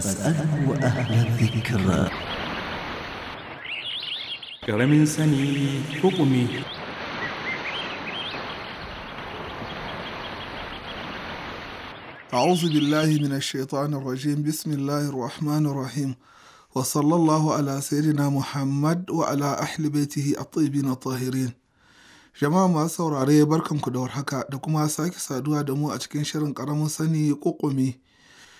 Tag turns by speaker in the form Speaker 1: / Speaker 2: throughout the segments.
Speaker 1: فاسأله أهل الذكر كرم سني حكمي أعوذ بالله من الشيطان الرجيم بسم الله الرحمن الرحيم وصلى الله على سيدنا محمد وعلى أهل بيته الطيبين الطاهرين جماعة ما سورة عليه بركم كدور حكا دكما ساكي سادوها دمو أتكين شرن كرم سني حكمي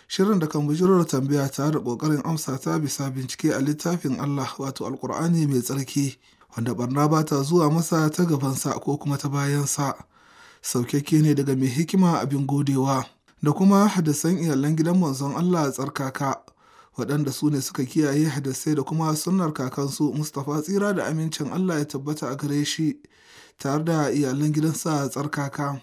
Speaker 1: shirin da kan bujirar da tambaya tare da ƙoƙarin amsa ta bisa bincike a littafin Allah wato Alƙur'ani mai tsarki wanda barna ba ta zuwa masa ta gabansa ko kuma ta bayansa saukakke ne daga mai hikima abin godewa da kuma hadisan iyalan gidan manzon Allah tsarkaka waɗanda su ne suka kiyaye hadisai da kuma sunnar kakansu Mustapha tsira da amincin Allah ya tabbata a gare shi tare da iyalan gidansa tsarkaka.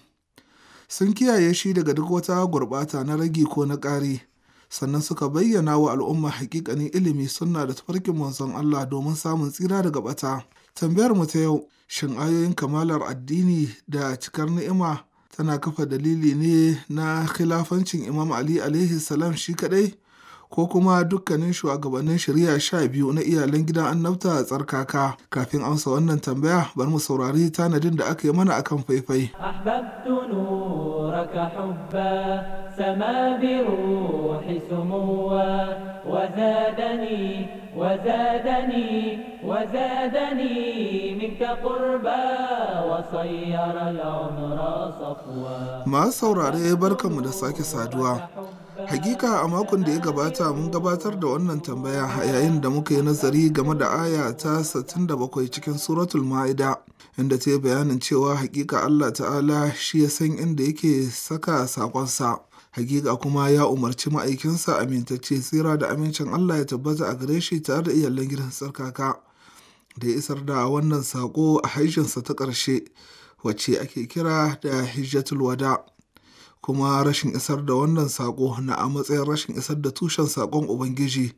Speaker 1: sun kiyaye shi daga duk wata gurɓata na ragi ko na ƙari sannan suka bayyana wa al'umma hakikanin ilimi sunna da tafarkin manzon Allah domin samun tsira daga ɓata. tambayar mu ta yau shin ayoyin kamalar addini da cikar ni'ima tana kafa dalili ne na khilafancin Imam Ali alaihi salam shi kadai ko kuma dukkanin shugabannin shari'a sha biyu na iyalan gidan annabta a tsarkaka kafin amsa wannan tambaya bari mu saurari tanadin da aka yi mana akan faifai Ma وزادني وزادني منك قربا saurare barkanmu da sake saduwa Hakika a makon da ya gabata mun gabatar da wannan tambaya a yayin da muka yi nazari game da aya ta 67 cikin suratul ma'ida inda ta yi bayanin cewa hakika Allah ta'ala shi ya san inda yake saka sakonsa. Hakika kuma ya umarci ma'aikinsa amintacce tsira da amincin Allah ya tabbata a gare shi tare da iyalan gidan sarkaka da ya isar da wannan sako a hajjinsa ta ƙarshe wacce ake kira da hijjatul wada. kuma rashin isar da wannan saƙo na a matsayin rashin isar da tushen saƙon Ubangiji,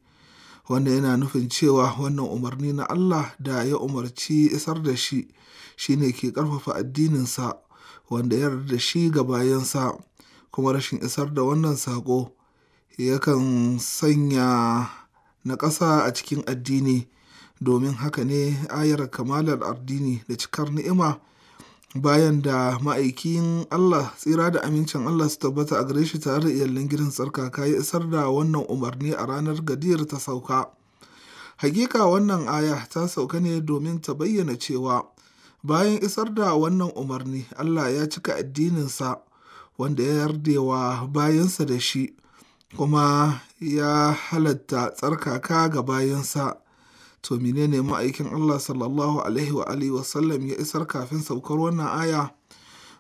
Speaker 1: wanda yana nufin cewa wannan umarni na Allah da ya umarci isar da shi shi ne ke ƙarfafa addininsa wanda ya da shi ga bayansa, kuma rashin isar da wannan saƙo yakan sanya na ƙasa a cikin addini, domin haka ne ayar kamalar addini da cikar ni'ima. bayan da ma'aikin Allah tsira da amincin Allah su tabbata a gare shi tare da iyalin gidan tsarkaka ya isar da wannan umarni a ranar gadiyar ta sauka. Hakika wannan aya ta sauka ne domin ta bayyana cewa bayan isar da wannan umarni Allah ya cika addininsa wanda ya yardewa bayansa da shi kuma ya halatta tsarkaka ga bayansa to menene ma'aikin Allah sallallahu alaihi wa alihi wa sallam ya isar kafin saukar wannan aya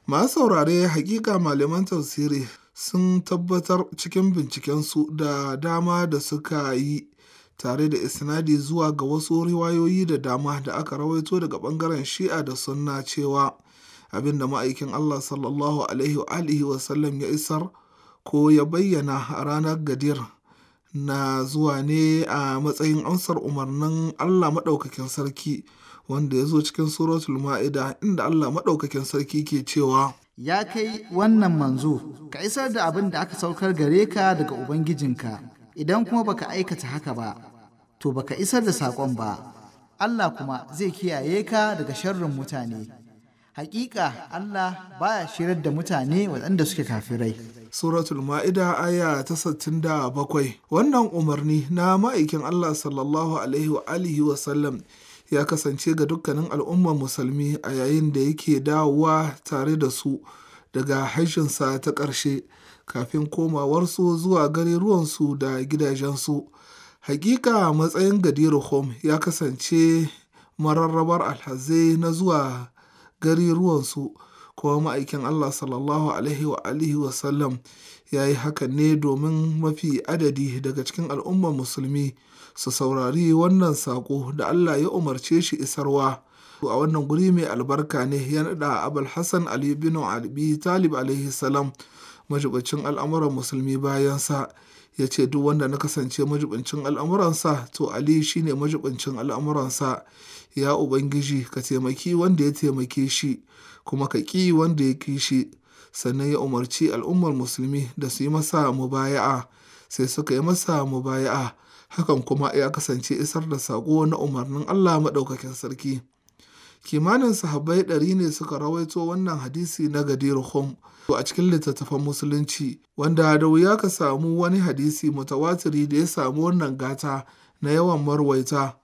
Speaker 1: masu saurare hakika malaman tafsiri sun tabbatar cikin binciken su da dama da suka yi tare da isnadi zuwa ga wasu riwayoyi da dama da aka rawaito daga bangaren shi'a da sunna cewa abin da ma'aikin Allah sallallahu alaihi wa alihi wa sallam ya isar ko ya bayyana a ranar gadir na zuwa ne a matsayin amsar umarnin Allah Maɗaukakin Sarki, wanda ya zo cikin Suratul Ma'ida inda Allah Maɗaukakin Sarki ke cewa, Ya kai wannan manzo, ka isar da abin da aka saukar gare ka daga Ubangijinka, idan kuma baka aikata haka ba, to baka isar da saƙon ba, Allah kuma zai kiyaye ka daga sharrin mutane. hakika Allah baya shirar da mutane waɗanda suke kafirai. Suratul Ma'ida aya ta sattin da bakwai wannan umarni na ma'aikin Allah sallallahu alaihi wa alihi wa sallam ya kasance ga dukkanin al'ummar musulmi a yayin da yake dawowa tare da su daga harshensa ta ƙarshe kafin komawarsu zuwa garuruwansu da gidajensu. Hakika matsayin gadi ya kasance mararrabar alhazai na zuwa garuruwansu kuma ma'aikin Allah sallallahu alaihi wa ya yi hakan ne domin mafi adadi daga cikin al'ummar musulmi su saurari wannan saƙo da Allah ya umarce shi isarwa a wannan guri mai albarka ne ya naɗa abul hassan ali bin talib alaihi salam majibincin al'amuran musulmi bayansa ya ce duk wanda na kasance majibincin sa to ali shine majibincin sa ya ubangiji ka taimaki wanda ya taimake shi kuma ka ƙi wanda ya ƙi shi sannan ya umarci al'ummar musulmi da su yi masa mubaya'a sai suka yi masa mubaya'a hakan kuma ya kasance isar da sako na umarnin allah maɗaukakin sarki kimanin sahabbai ɗari ne suka rawaito wannan hadisi na gadir hum a cikin littattafan musulunci wanda da wuya ka samu wani hadisi mutawatiri da ya samu wannan gata na yawan marwaita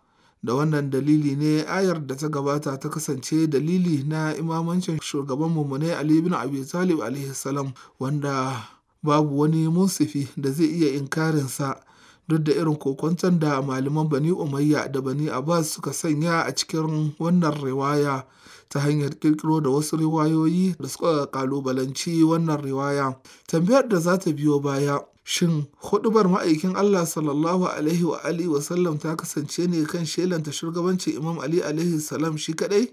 Speaker 1: da wannan dalili ne ayar da ta gabata ta kasance dalili na imamancin shugaban mumune ali bin abi talib alaihi salam wanda babu wani munsifi da zai iya inkarinsa duk da irin kokwanton da malaman Bani Umayya da Bani Abbas suka sanya a cikin wannan riwaya ta hanyar kirkiro da wasu riwayoyi da suka kalubalanci wannan riwaya. Tambayar da za ta biyo baya Shin hudubar ma'aikin Allah sallallahu alaihi wa alihi wa sallam ta kasance ne kan shelanta shugabancin Imam Ali alaihi salam shi kadai?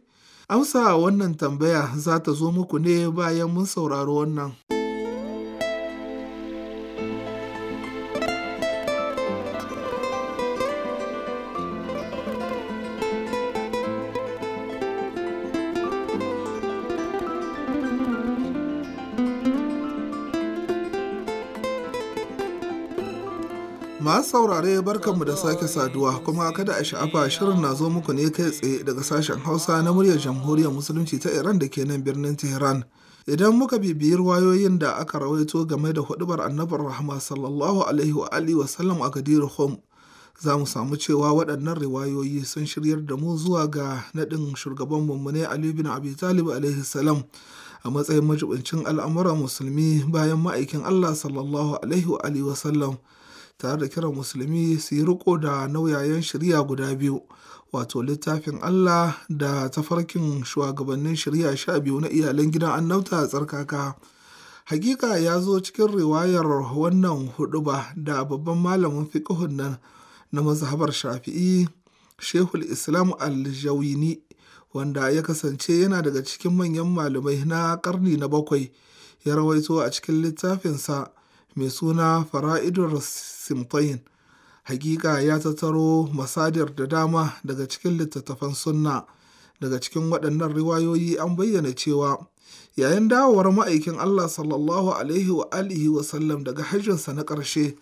Speaker 1: Amsa wannan tambaya za ta zo muku ne bayan mun saurari wannan. masu saurare barkanmu da sake saduwa kuma kada a sha'afa shirin na zo muku ne kai tsaye daga sashen hausa na muryar jamhuriyar musulunci ta iran da ke nan birnin tehran idan muka bibiyi wayoyin da aka rawaito game da hudubar annabar rahama sallallahu alaihi wa alihi wa sallam a gadir hom za mu samu cewa waɗannan riwayoyi sun shiryar da mu zuwa ga naɗin shugaban ne ali bin abi talib alaihi salam a matsayin majibincin al'amuran musulmi bayan ma'aikin allah sallallahu alaihi wa alihi wa sallam tare da kiran musulmi su yi riko da nauyayen shari'a guda biyu wato littafin Allah da tafarkin shugabannin shari'a sha biyu na iyalan gidan annabta a tsarkaka hakika ya zo cikin riwayar wannan huduba da babban malamin fiqhun nan na mazhabar shafi'i shehul islam al-jawini wanda ya kasance yana daga cikin manyan malamai na karni na bakwai ya rawaito a cikin littafinsa mai suna fara'idar Simtayin hakika ya tattaro masadir da dama daga cikin littattafan sunna daga cikin waɗannan riwayoyi an bayyana cewa yayin dawowar ma'aikin Allah sallallahu alaihi wa alihi wa daga hajjinsa na ƙarshe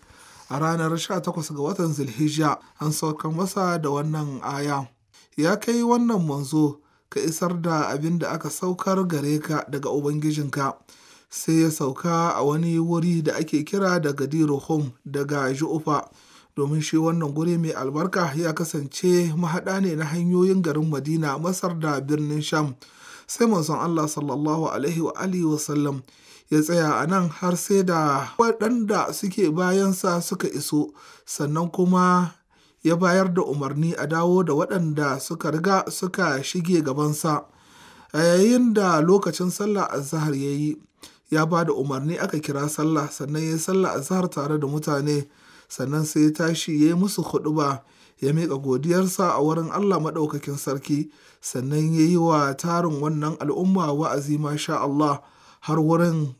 Speaker 1: a ranar 18 ga watan Zulhijja an sauka masa da wannan aya ya kai wannan manzo ka isar da abin da aka saukar gare ka daga ubangijinka sai ya sauka a wani wuri da ake kira da gadiru home daga ju'ufa domin shi wannan guri mai albarka ya kasance mahaɗa ne na hanyoyin garin madina masar da birnin sham sai manzon allah sallallahu alaihi wa alihi wasallam ya tsaya a nan har sai da waɗanda suke bayansa suka iso sannan kuma ya bayar da umarni a dawo da waɗanda suka riga suka shige gabansa a yayin da lokacin sallah zahar ya yi ya ba da umarni aka kira sallah sannan ya yi sallah zahar tare da mutane sannan sai ya tashi ya yi musu huɗuba ya miƙa godiyarsa a wurin Allah maɗaukakin sarki sannan ya yi wa tarin wannan al'umma wa'azi masha Allah har wurin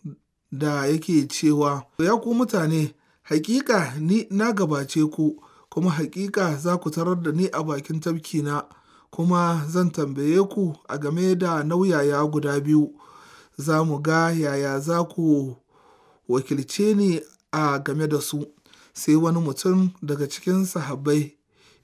Speaker 1: da yake cewa ya ku mutane hakika ni na gabace ku kuma hakika za ku tarar da ni a bakin tabkina kuma zan tambaye ku a game da nauyaya guda biyu za mu ga yaya za ku wakilce ni a game da su sai wani mutum daga cikin sahabbai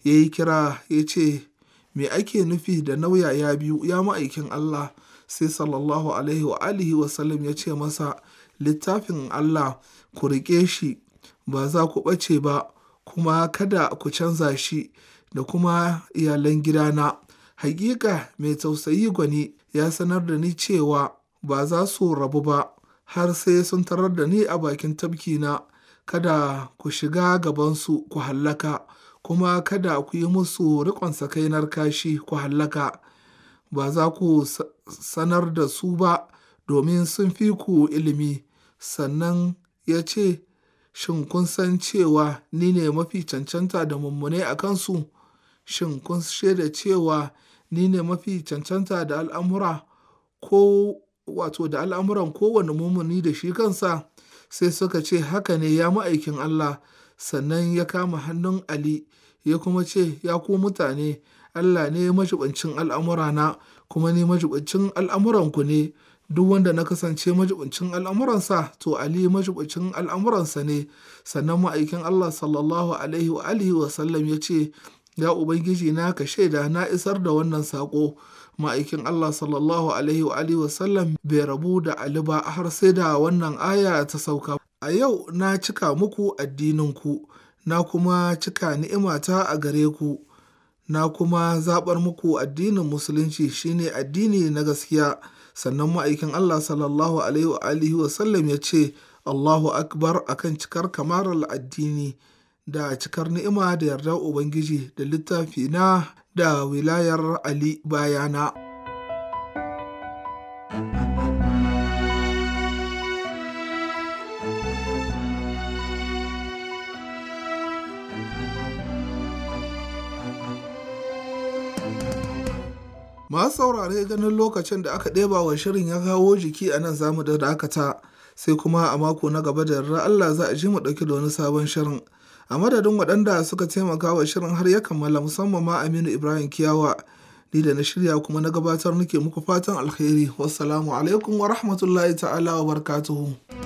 Speaker 1: ya yi kira ya ce me ake nufi da nauya ya biyu ya ma'aikin Allah sai sallallahu alaihi wa alihi wasallam ya ce masa littafin Allah ku riƙe shi ba za ku ɓace ba kuma kada ku canza shi da kuma iyalan gidana hakika mai tausayi gwani ya sanar da ni cewa ba za su rabu ba har sai sun tarar da ni a bakin tafkina, kada ku shiga gabansu ku hallaka, kuma kada ku yi musu riƙon sakainar kashi ku hallaka, ba za ku sanar da su ba domin sun fi ku ilimi, sannan ya ce, Shin kun san cewa ni ne mafi cancanta da mummune a kansu? Shin kun shaida cewa ni ne mafi cancanta da al'amura ko wato da al'amuran kowane mumuni da shi kansa sai suka ce haka ne ya ma'aikin Allah sannan ya kama hannun Ali ya kuma ce ya ku mutane Allah ne majibancin al'amurana kuma ni majibancin al'amuranku ne duk wanda na kasance majibancin al'amuransa to Ali majibancin al'amuransa ne sannan ma'aikin Allah sallallahu alaihi wa alihi wa sallam ya ce ya ubangiji na ka shaida na isar da wannan saƙo ma'aikin Allah sallallahu alaihi wa sallam bai rabu da Ali ba har sai da wannan aya ta sauka. A yau na cika muku addininku, na kuma cika ni'imata a gare ku, na kuma zaɓar muku addinin musulunci shine addini na gaskiya. Sannan ma'aikin Allah sallallahu alaihi wa sallam ya ce, Allahu Akbar akan cikar kamarar addini. da cikar ni'ima da yardar Ubangiji da littafi na da wilayar Ali bayana. Masu saurare ganin lokacin da aka ɗeba wa shirin ya kawo jiki a nan zamu da dakata sai kuma a mako na gaba da yarda Allah za a ji mu ɗauki da wani sabon shirin. a madadin waɗanda suka taimaka wa shirin har ya kammala musamman ma Aminu Ibrahim Kiyawa ni da na shirya kuma na gabatar nake muku fatan alheri wassalamu alaikum wa rahmatullahi ta'ala wa barakatuhu